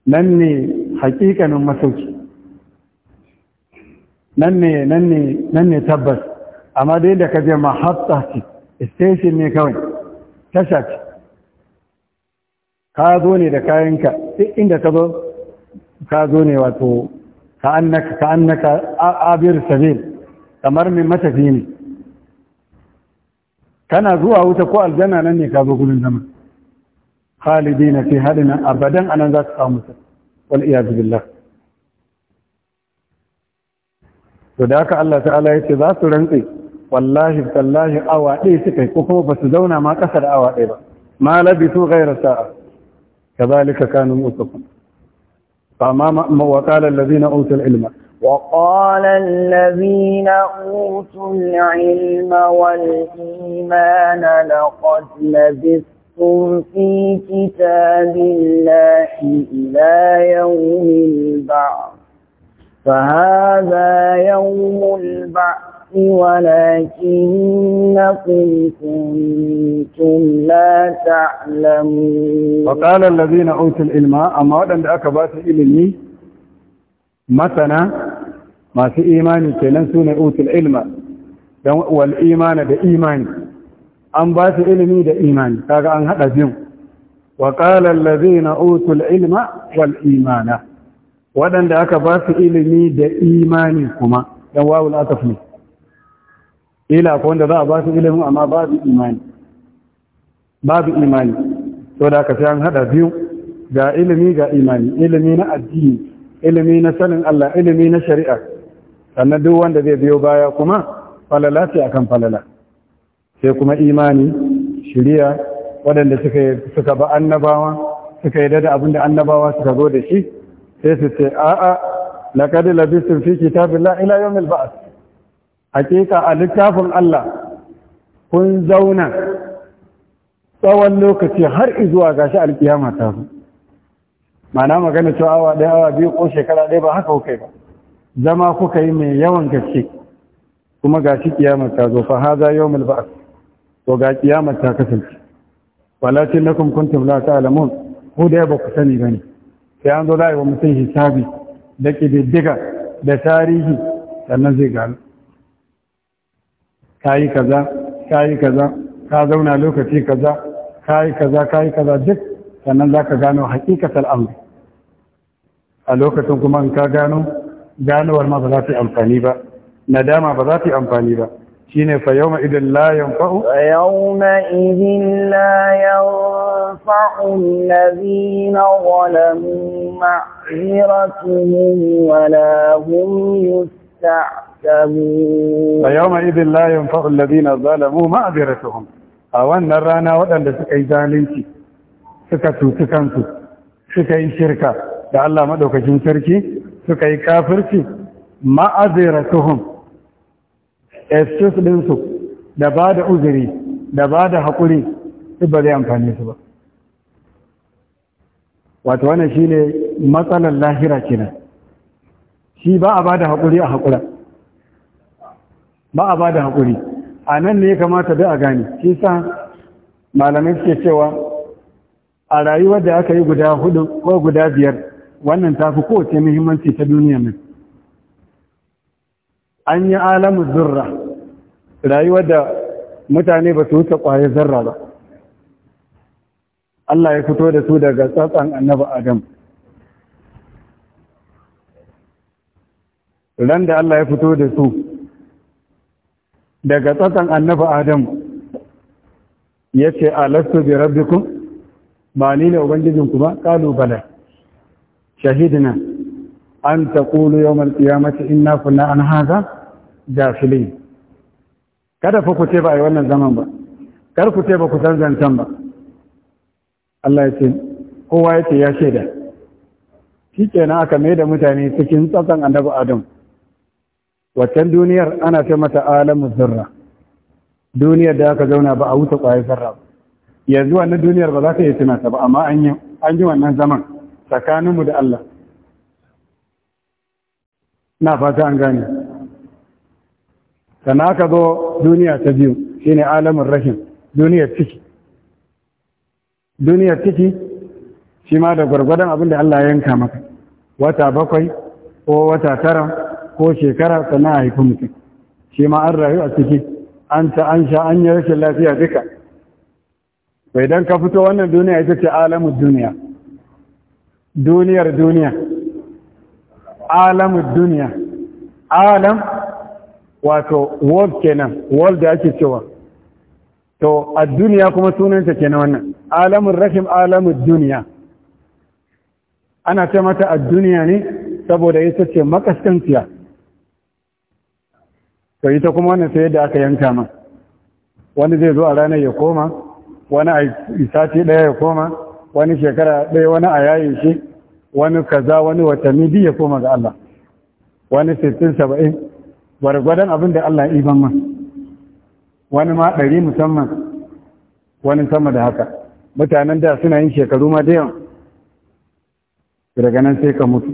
nan ne hakikanin masauki nan ne nan ne nan ne tabbas amma dai da ka je mahatta ce station ne kawai tasha ce ka zo ne da kayanka duk inda ka zo ka zo ne wato ka annaka ka annaka abir sabil kamar mai matafi ne kana zuwa wuta ko aljanna nan ne ka zo gurin zama khalidina fi halina abadan anan za ka samu ta wal iyad billah to da haka Allah ta'ala yace za su rantsi wallahi tallahi awa ɗaya suka ko kuma ba su zauna ma ƙasa da awa ɗaya ba ma labisu ghayra sa'a kadhalika kanu musafun fa ma wa qala alladhina utul ilma وقال الذين أوتوا العلم والإيمان لقد لبثتم في كتاب الله إلى يوم البعث فهذا يوم البعث ولكنكم كنتم لا تعلمون وقال الذين أوتوا العلم أما أن أكبات إلمي masana masu imani kenan su ne utul ilma don wal imana da imani an ba su ilimi da imani kaga an haɗa biyu wa qala allazina utul ilma wal imana waɗanda aka ba su ilimi da imani kuma dan wawul ataf ne ila ko wanda za a ba su ilimi amma babu imani babu imani to da aka sai an haɗa biyu ga ilimi ga imani ilimi na addini ilimi na sanin Allah ilimi na shari'a sannan duk wanda zai biyo baya kuma falala ce akan falala sai kuma imani shiriya waɗanda suka suka ba annabawa suka yi da abinda annabawa suka zo da shi sai su ce a'a laqad labistu fi kitabillah ila yawmil ba'th hakika a littafin Allah kun zauna tsawon lokaci har izuwa gashi alkiyama ta zo mana magana cewa awa ɗaya awa biyu ko shekara ɗaya ba haka kuka ba zama kuka yi mai yawan gaske kuma ga shi kiyamar ta zo fa haza yawmul ba'th to ga kiyamar ta kasance walakin lakum kuntum la ta'lamun ko da ba ku sani bane sai an zo za a yi wa mutum hisabi da kididdiga da tarihi sannan zai gano kayi kaza kayi kaza ka zauna lokaci kaza kayi kaza kayi kaza duk sannan za ka gano hakikatar amri a lokacin kuma in ka gano ganowar ma ba za ta yi amfani ba nadama ba za ta yi amfani ba shine fa yawma idin la yanfa'u yawma idin la yanfa'u allazina zalamu ma'ziratuhum wa la hum yusta'tabun fa yawma idin la yanfa'u allazina zalamu ma'ziratuhum a wannan rana waɗanda suka yi zalunci suka tuki kansu suka yi shirka da Allah maɗaukacin sarki suka yi kafirci ma'aziratuhum excuse ɗinsu da ba da uzuri da ba da haƙuri su ba zai amfani su ba wato wannan shi ne matsalar lahira kenan shi ba a ba da haƙuri a haƙura ba a ba da haƙuri a nan ne ya kamata da a gane shi sa malamai suke cewa a rayuwar da aka yi guda hudu ko guda biyar wannan ta fi kowace muhimmanci ta duniya mai an yi alamu zurra rayuwar da mutane ba su wuce kwaye zarra ba Allah ya fito da su daga tsatsan annaba Adam ran da Allah ya fito da su daga tsatsan annaba Adam ya ce alastu bi rabbikum ba ni ne ubangijinku ba kalu bala shahidina an taqulu yawmal qiyamati inna kunna an hadha Jafilin. kada fa ku ce ba ai wannan zaman ba kar ku ce ba ku san ba Allah ya ce kowa ya ce ya shaida kenan aka mai da mutane cikin tsatsan annabi Adam waccan duniyar ana ce mata alamu zurra duniyar da aka zauna ba a wuce ƙwayar zarra ba yanzu wannan duniyar ba za ta iya tunata ba amma an yi wannan zaman tsakaninmu da Allah na fata an gane sana ka zo duniya ta biyu shine alamin rahim duniyar ciki duniyar ciki shi ma da gwargwadon abin da Allah ya yanka maka wata bakwai ko wata tara ko shekara sana a haifi mutum shi ma an rayu a ciki an ta an sha an yi rashin lafiya duka Sai idan ka fito wannan duniya ita ce alamun duniya duniyar duniya alamun duniya alam wato world kenan world da ake cewa to a duniya kuma sunanta kenan wannan alamun rahim alamun duniya ana ce mata a duniya ne saboda ita ce makaskanciya to ita kuma wannan sai da aka yanka ma wani zai zo a ranar ya koma wani a sati ɗaya ya koma wani shekara ɗaya wani a yayin shi wani kaza wani watanni biyu ya koma ga Allah wani sittin saba'in gwargwadon abin da Allah ya iban ma wani ma ɗari musamman wani sama da haka mutanen da suna yin shekaru ma da yawan daga nan sai ka mutu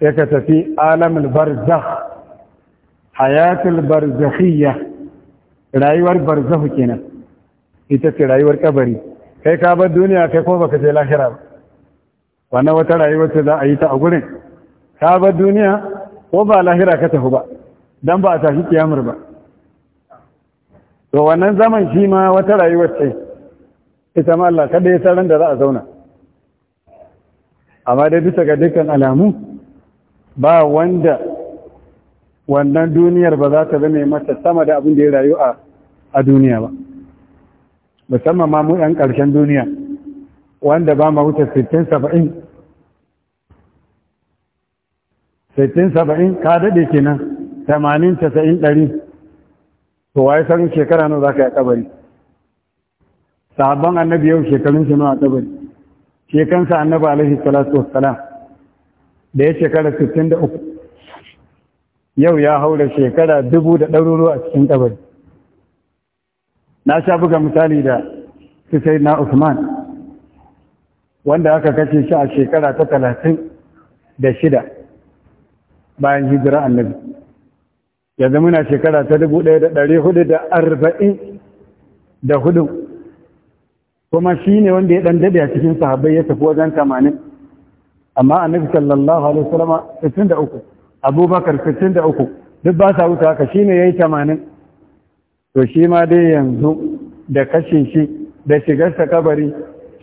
sai ka tafi alamul barzah hayatul barzahiyya. rayuwar barzahu kenan ita ce rayuwar kabari kai ka bar duniya kai kuma baka je lahira ba wannan wata rayuwar ce za a yi ta a gurin ka bar duniya ko ba lahira ka tafi ba dan ba a tafi kiyamar ba to wannan zaman shi ma wata rayuwar ce ita ma Allah kada ya saran da za a zauna amma dai bisa ga dukkan alamu ba wanda wannan duniyar ba za ta zama mata sama da abin da ya rayu a duniya ba musamman ma mu 'yan ƙarshen duniya wanda ba ma wuce 60-70 60 saba'in ka daɗe ke nan, 80 90 ɗari. to waye sarin shekara nawa za ka yi kabari sahabban annabi yau shekarun shi nawa kabari shekansa annabi alaihi salatu wassalam da ya shekara 63 yau ya haura shekara dubu da ɗaruruwa a cikin kabari na sha buga misali da sai na Usman wanda aka kace shi a shekara ta talatin da shida bayan hijira annabi yanzu muna shekara ta dubu ɗaya da ɗari hudu da arba'in da hudu kuma shi ne wanda ya ɗan daɗe a cikin sahabbai ya tafi wajen tamanin amma annabi sallallahu alaihi wasallama 63 da uku abubakar 63 da uku duk ba sa wuta haka shi ne ya yi tamanin to shi ma dai yanzu da kashe shi da shigarsa kabari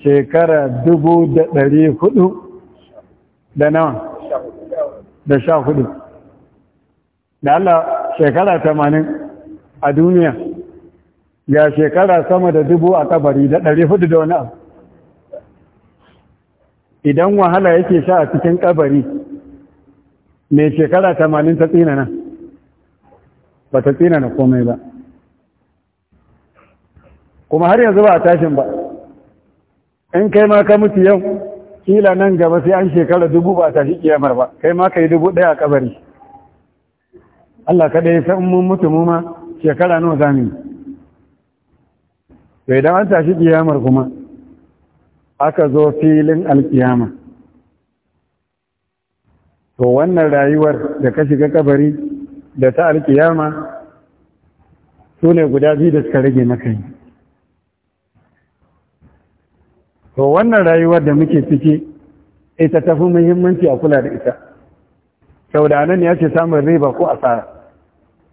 shekara dubu da ɗari hudu da nawa da sha hudu da Allah shekara tamanin a duniya ya shekara sama da dubu a kabari da ɗari hudu da wani abu idan wahala yake sha a cikin kabari mai shekara tamanin ta tsinana ba ta tsinana komai ba kuma har yanzu ba a tashin ba in kai ma ka mutu yau kila nan gaba sai an shekara dubu ba a tashi kiyamar ba kai ma ka yi dubu ɗaya a kabari Allah kada ya san mun mutu mu ma shekara nawa za mu to idan an tashi kiyamar kuma aka zo filin alkiyama to wannan rayuwar da ka shiga kabari da ta alkiyama su ne guda biyu da suka rage maka yi to wannan rayuwar da muke ciki ita ta fi muhimmanci a kula da ita sau da nan ya ce samun riba ko asara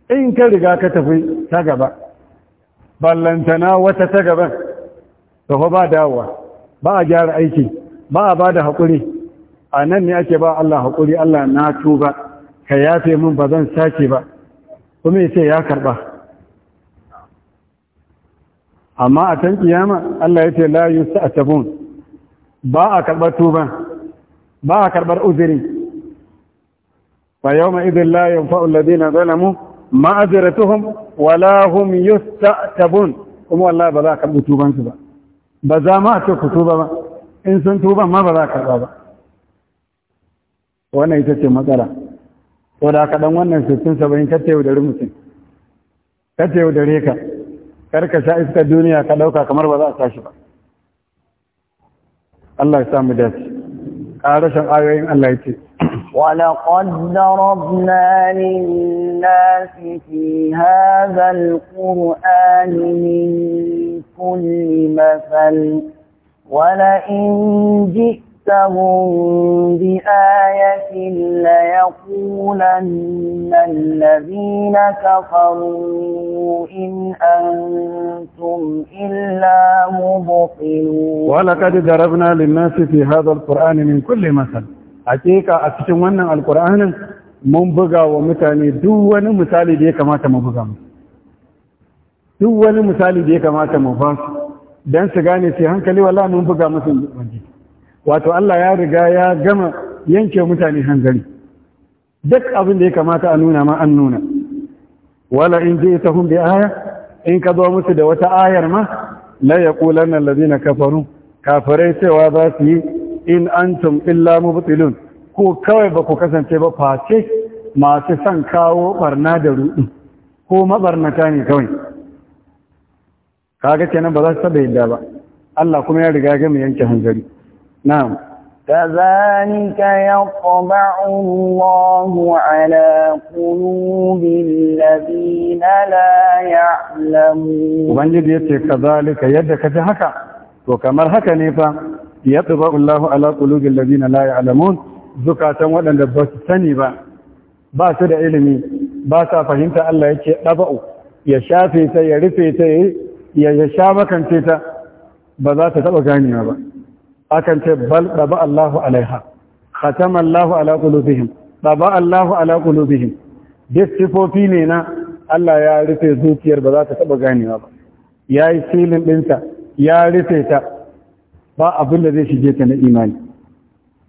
in ka riga ka tafi ta gaba ballantana wata ta gaban tafi ba dawowa ba a gyara aiki ba a ba da haƙuri a nan ne ake ba Allah haƙuri Allah na tuba ka yafe min ba zan sake ba kuma ya ce ya karɓa amma a can kiyama Allah ya ce la yusta'tabun ba a karbar tuba ba a karbar uzuri fa yawma idhin la yanfa'u alladhina zalamu ma'azratuhum wala hum yusta'tabun kuma wallahi ba za ka karbi tuban su ba ba za ma ce ku tuba ba in sun tuba ma ba za ka karba ba wannan ita ce matsala saboda haka dan wannan 60 70 kace dare mutum kace dare ka karka sha iskar duniya ka ɗauka kamar ba za a tashi ba Allah ya samu dace ƙarashin ayoyin Allah ya ce ولقد ضربنا للناس في هذا القرآن من كل مثل ولئن جئت جئتهم بآية ليقولن الذين كفروا إن أنتم إلا مبطلون ولقد ضربنا للناس في هذا القرآن من كل مثل حقيقة أكتمنا القرآن mun buga wa mutane duk wani misali da ya kamata mu buga mu duk wani misali da ya kamata mu ba su su gane sai hankali wala mun buga musu wanji wato Allah ya riga ya gama yanke mutane hangari duk abin da ya kamata a nuna ma an nuna wala in ji ta hun bi aya in ka zo musu da wata ayar ma la yaqulanna na kafaru kafirai cewa za su yi in antum illa mubtilun ko kawai ba ku kasance ba face masu son kawo barna da ruɗu ko mabarnata ne kawai kaga kenan ba za su taɓa yadda ba Allah kuma ya riga ya gama yanke hangari نعم كذلك يطبع الله على قلوب الذين لا يعلمون ubangiji yace kazalika yadda kaji haka to kamar haka ne fa yatba Allahu ala qulubil ladina la ya'lamun zukatan waɗanda ba su sani ba ba su da ilimi ba sa fahimta Allah yake daba'u ya shafe ta ya rufe ta ya sha makance ta ba za ta taɓa ganewa ba akan ce bal daba Allahu alaiha khatama Allahu ala qulubihim daba Allahu ala qulubihim duk sifofi ne na Allah ya rufe zuciyar ba za ta taba ganewa ba ya yi filin dinta ya rufe ta ba abin da zai shige ta na imani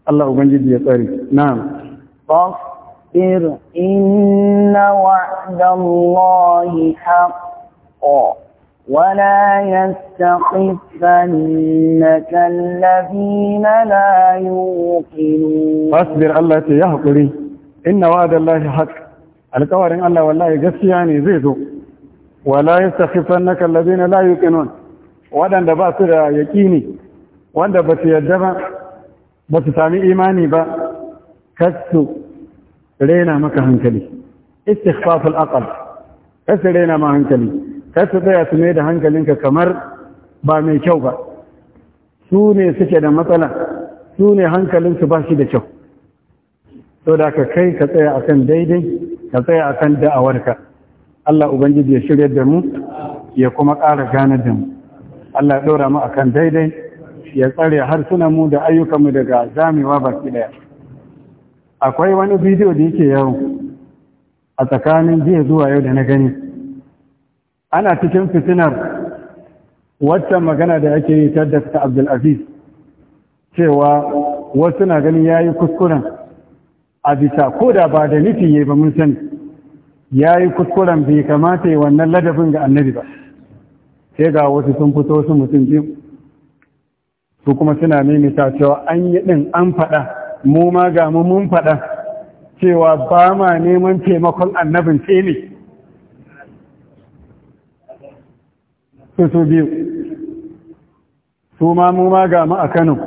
Allah ubangiji ya tsare na'am فاصبر إن وعد الله حق ولا يستخفنك الذين لا يوقنون فاصبر الله يا حقري إن وعد الله حق alkawarin Allah wallahi gaskiya ne zai zo wala yastakhifannaka alladhina la yuqinun wadanda ba su da yaqini wanda ba su yadda ba su sami imani ba kasu rena maka hankali rena ma hankali kar su tsaya su mai da hankalinka kamar ba mai kyau ba su ne suke da matsala su ne hankalinsu ba shi da kyau So da ka kai ka tsaya akan daidai ka tsaya akan da'awarka Allah ubangiji ya shirya da mu ya kuma ƙara gane da mu Allah ya ɗora mu akan daidai ya tsare suna mu da ayyukanmu daga zamewa baki ɗaya akwai wani bidiyo da yake yawo a tsakanin jiya zuwa yau da na gani ana cikin fitinar wata magana da ake yi ta Dr. Abdulaziz cewa wasu na ganin ya yi kuskuren a bisa ko da ba da nufi ya ba mun sani ya yi kuskuren bai kamata yi wannan ladabin ga annabi ba sai ga wasu sun fito su mutum biyu su kuma suna nemita cewa an yi ɗin an faɗa mu ma ga mu mun faɗa cewa ba ma neman taimakon annabin ce ne su biyu su ma mu ma ga mu a Kano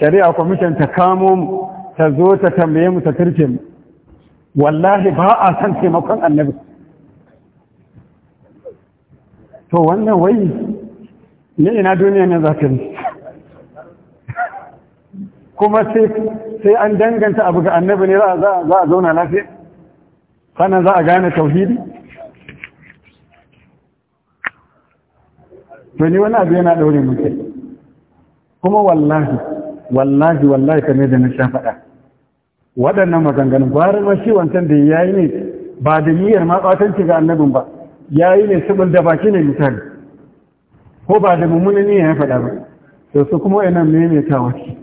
shari'a kwamishin ta kamo mu ta zo ta tambaye mu ta turke mu wallahi ba a san taimakon annabi to wannan wai ne ina duniya ne za ta kuma sai an danganta abu ga annabi ne za a zauna lafiya sannan za a gane tauhidi to ni wani abu yana daure mun kai kuma wallahi wallahi wallahi kame da na sha faɗa waɗannan maganganun gwarar rashi wancan da ya yi ne ba da niyyar ma ɓatanci ga annabin ba ya yi ne sabon da baki ne misali ko ba da mummunan niyyar ya faɗa ba to su kuma yana maimaitawa ce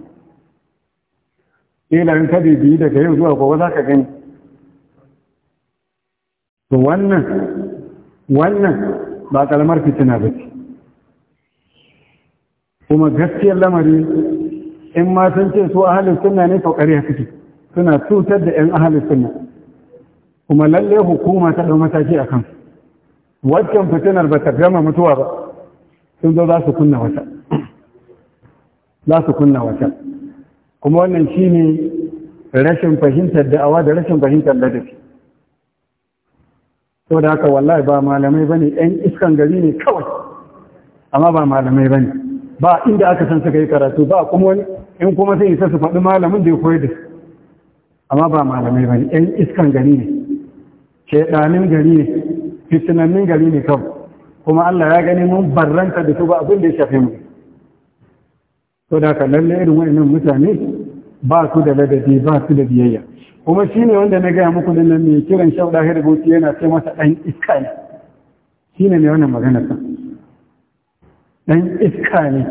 ila in ka biyu daga yau zuwa gobe za ka gani to wannan wannan ba kalmar fitina ba ce kuma gaskiyar lamari in ma sun ce su ahalin sunna ne to ƙarya suke suna cutar da 'yan ahalin sunna kuma lalle hukuma ta ɗau mataki a kan waccan fitinar ba ta gama mutuwa ba sun zo za su kunna wata za su kunna wata kuma wannan shi ne rashin fahimtar da'awa da rashin fahimtar ladabi To da haka wallahi ba malamai ba ne 'yan iskan gari ne kawai amma ba malamai ba ne ba inda aka san suka yi karatu ba kuma wani in kuma sai isa su faɗi malamin da ya koyar da su amma ba malamai ba ne ‘yan iskan gari ne shaidanin gari ne fitinannin gari ne kawai kuma Allah ya gani mun barranta da su ba abin da ya shafi mu to da ka lalle irin wa'annan mutane ba su da ladabi ba su da biyayya kuma shi ne wanda na gaya muku nan mai kiran shauɗa hirbuti yana ce masa ɗan iska ne shi ne wannan magana sa ɗan iska ne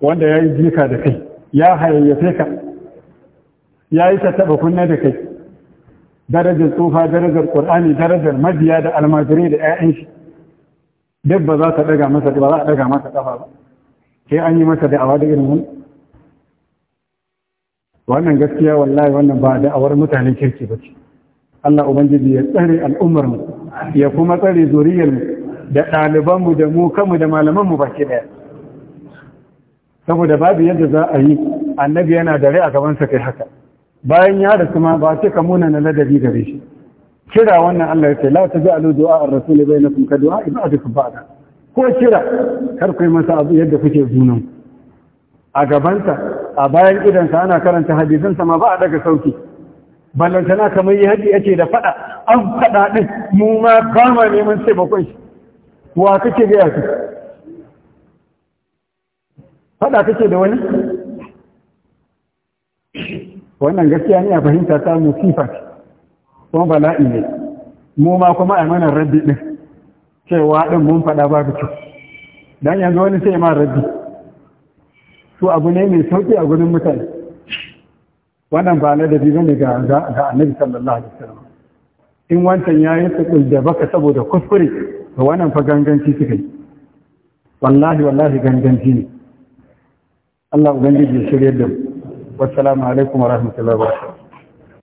wanda ya yi jika da kai ya hayayyafe ka ya yi tattaba kunna da kai darajar tsufa darajar ƙur'ani darajar majiya, da almajirai da 'ya'yan shi duk ba za ta ɗaga masa ba za a ɗaga masa ƙafa ba sai an yi masa awa da irin wani wannan gaskiya wallahi wannan ba awar mutanen kirki ba ce Allah Ubangiji ya tsare al'ummar mu ya kuma tsare zuriyar mu da ɗalibanmu da mu kanmu da malamanmu baki ɗaya saboda babu yadda za a yi annabi yana da rai a gabansa kai haka bayan ya rasu ma ba ce ka muna na ladabi gare shi kira wannan Allah ya ce la ta ja'alu du'a ar-rasul bainakum ka du'a ka ba'da ko kira kar ku yi masa abu yadda kuke zunan a gabansa a bayan sa ana karanta sa ma ba a daga sauki ballantana kamar yi hadi yace da fada an fada din mu ma kama neman sai bakwai wa kake gaya su faɗa kake da wani wannan gaskiya ne a fahimta ta musifa kuma bala'i ne mu ma kuma a mana rabbi ɗin cewa ɗin mun faɗa babu kyau don yanzu wani sai ma rabbi su abu ne mai sauƙi a gudun mutane wannan ba na ba ne ga annabi sallallahu alaihi wasallam in wancan ya yi tsakul da baka saboda kuskure to wannan fa ganganci suka wallahi wallahi ganganci ne Allah ubangiji ya shirye da mu wassalamu alaikum wa rahmatullahi wa barakatuh